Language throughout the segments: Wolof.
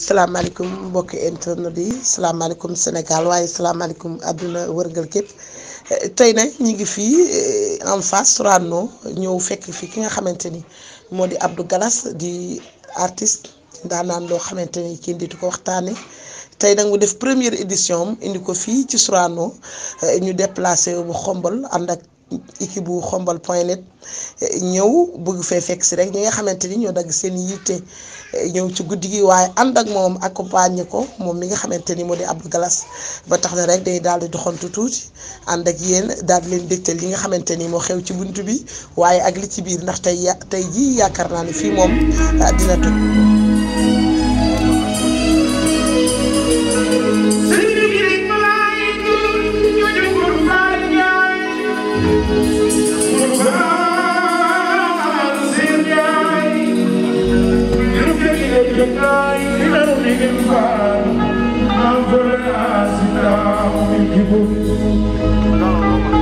salaamaaleykum mbokk internet yi salaamaaleykum Sénégal waaye salaamaaleykum àdduna wërgal képp tey nag ñi ngi fii eh, en face suraano ñëw fekk fii ki nga xamante ni moo di abdu Galass di artiste ndaanaan loo xamante ni kenn di ko waxtaane tey nag mu def première édition indi ko fii ci Sorano eh, ñu déplacé bu xombal ànd ak équipe bu xombal point net ñëw bëgg fee fekk si rek ñi nga xamante ni ñoo dagg seen yitte ñëw ci guddi gi waaye ànd ak moom accompagner ko moom mi nga xamante ni moo di Abdou Galas ba tax na rek day daal di doxantu tuuti ànd ak yéen daal leen dégtal li nga xamante ni moo xew ci bunt bi waaye ak li ci biir ndax tey tey jii yaakaar naa ni fii moom ah, dina toj. down, you.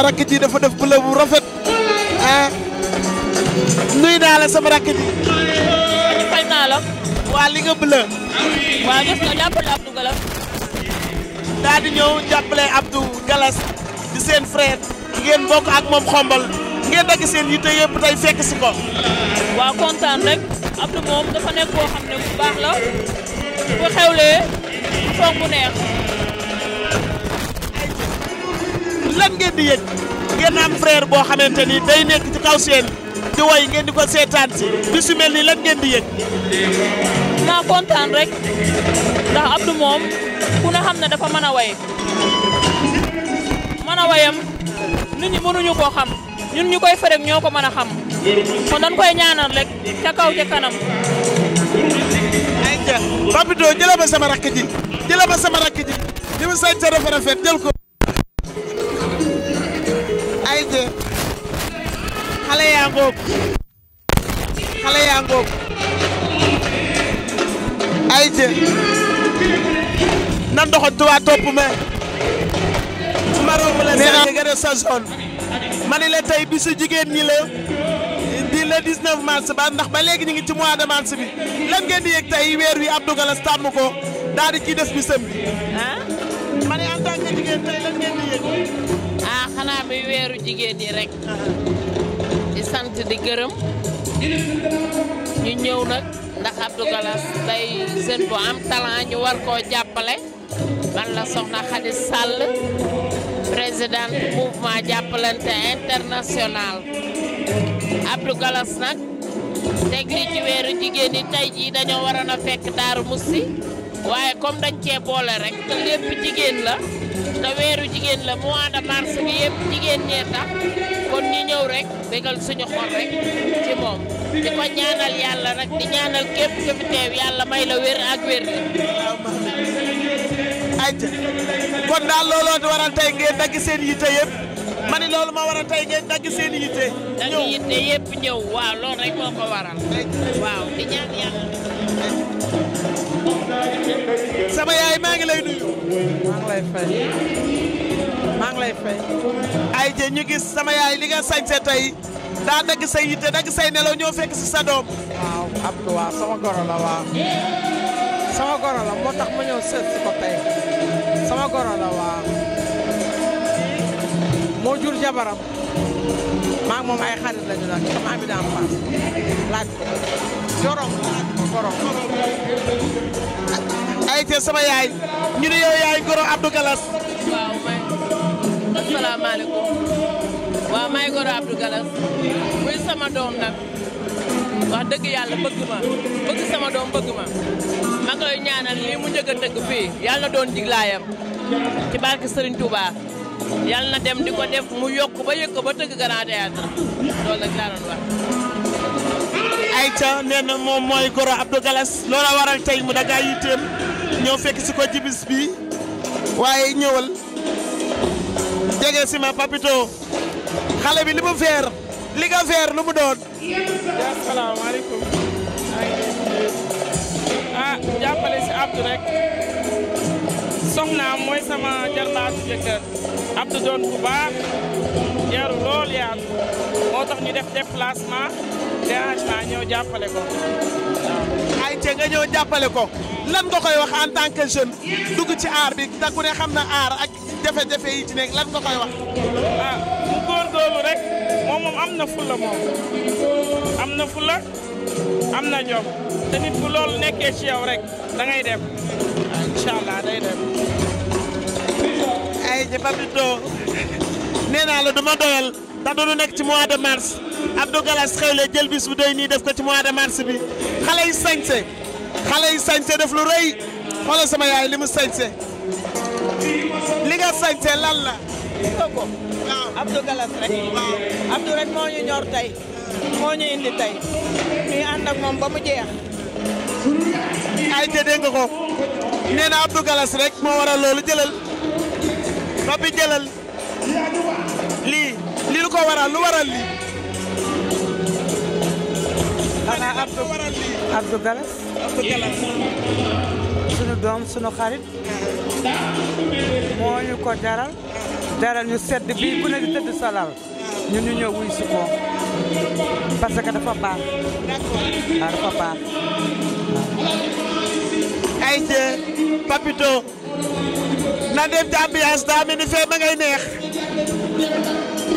sama yi dafa def bleu bu rafet ah nuy naa la sama rakk ji. fay naa la. waa li nga bleu. waa gis nga jàppale Abdou Galas. daal ñëw jàppale Abdou Galas di seen frère ngeen bokk ak moom xombal ngeen dagg seen yitte yëpp tey fekk si ko. waa kontaan rek Abdou moom dafa nekk koo xam ne bu baax la bu xewlee foog bu neex. lan ngeen di yëg ngeen am frère boo xamante ni day nekk ci kaw seen di way ngeen di ko seetaan si bi su mel ni lan ngeen di yëg. naa kontaan rek ndax Abdou moom ku ne xam ne dafa mën a way mën a wayam nit ñi mënuñu koo xam ñun ñu koy ferek ñoo ko man a xam kon dañ koy ñaanal rek ca kaw ca kanam. ayca Papito jëla ma sama rakk ji jëla ma sama rakk ji li mu sañ sa rafet jël ko. ngoog xale yaa ngoog ay jë na doxantu topp me ma romb la sa jege sa zone ma la tey bisu jigéen ñi la di le 19 mars ba ndax ba léegi ñu ngi ci mois de mars bi lan ngeen di tey weer wi Abdou Galass tàmm ko daal di ciy des bisam bi ma ne en tant que jigéen tey lan ngeen di yëg ah, xanaa bi weeru jigéen ñi rek ah. di sant di gërëm ñu ñëw nag ndax Abdou Galass day jeune bu am talent ñu war koo jàppale man la soxna Khady Sall présidente mouvement jàppalante international Abdou Galass nag teg li ci weeru tey jii dañoo waroon a fekk Daaru Musti waaye comme dañ cee boole rek lépp jigéen la te weeru jigéen la mois de mars bi yëpp jigéen ñee tax kon ñu ñëw rek bégal suñu xol rek ci moom di ko ñaanal yàlla rek di ñaanal képp ku teew yàlla may la wér ak wér ajj kon daal looloo waral tey ngeen dagg seen yitte yëpp ma ni loolu moo waral tey ngeen dagg seen yitte dagg yitte yëpp ñëw waaw loolu rek moo ko waral waaw di ñaan yàlla sama yaay maa ngi lay nuyu. maa ngi lay fay. maa ngi lay fay. ay jë gis sama yaay li nga sañse tey daa dagg yitte dagg say nelaw ñoo fekk si sa doom. waaw moo tax ma si ko tey sama goro la waaw. moo jur jabaram. maa moom ay xarit lañu nag sama ami daan paas laaj ko. jorom laaj goro ay te sama yaay ñu yaay goro Abdou Galas waaw may asalaamaaleykum waaw may goro Abdou Galas muy sama doom nag wax dëgg yàlla bëgg ma bëgg sama doom bëgg ma ma koy lii mu tëgg fii yàlla na doon jiglaayam ci barke Serigne Touba yàlla na dem di ko mu yokk ba yëg ba tëgg Grand Théâtre loolu la ñu daan ayca nee na moom mooy goro Abdou Galas loola waral tey mu daga yitteem ñëw fekk si ko ci bis bi waaye ñëwal jege si ma papito xale bi li mu feer li nga feer lu mu doon. asalaamaaleykum. Ah, si Abdou rek soxnaam mooy sama jarbaatu jëkkër Abdou doon bu baax yaru lool yaatu moo tax ñu def déplacement. dérangement ñëw jàppale ko waaw. ay te nga ñëw jàppale ko lan nga koy wax en tant que jeune dugg ci aar bi te ku ne xam na aar ak jafe-jafe yi ci lan nga koy wax. ah mu góorgóorlu rek moom moom am na fulla moom am na fulla am na jom te nit bu loolu nekkee ci yow rek dangay ngay dem incha allah day dem. ay jëfandiku nee naa la duma doyal. ndax dañu nekk ci mois de mars Abdou Galass xewle jël bis bu doy nii def ko ci mois de mars bi xale yi sañse xale yi sañse def lu rëy xoolal sama yaay li mu li nga sañse lan la. ko Abdou Galass rek. Abdou rek moo ñu ñor tey moo ñu indi tey ñuy ànd ak moom ba mu jeex. ay dégg nga ko nee na Abdou Galass rek moo waral loolu jëlal ba bi jëlal. lii lii lu ko waral lu waral lii. xanaa Abdou Galas. sunu doom sunu xarit. moo ñu ko jaral. jaral ñu sedd bii ku ne di tëdd sa lal ñu ñëw wuy si ko parce que dafa baax. waaw ah, dafa baax. ay Papito. na def ci ambiance daa mel ni fee ma ngay neex